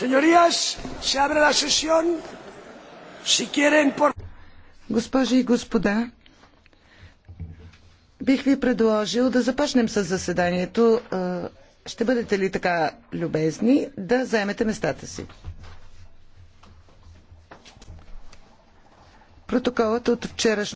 Señorías, se abre la sesión. Si quieren, por... Госпожи и господа, бих ви предложил да започнем с заседанието. Е, ще бъдете ли така любезни да заемете местата си? Протоколът от вчерашното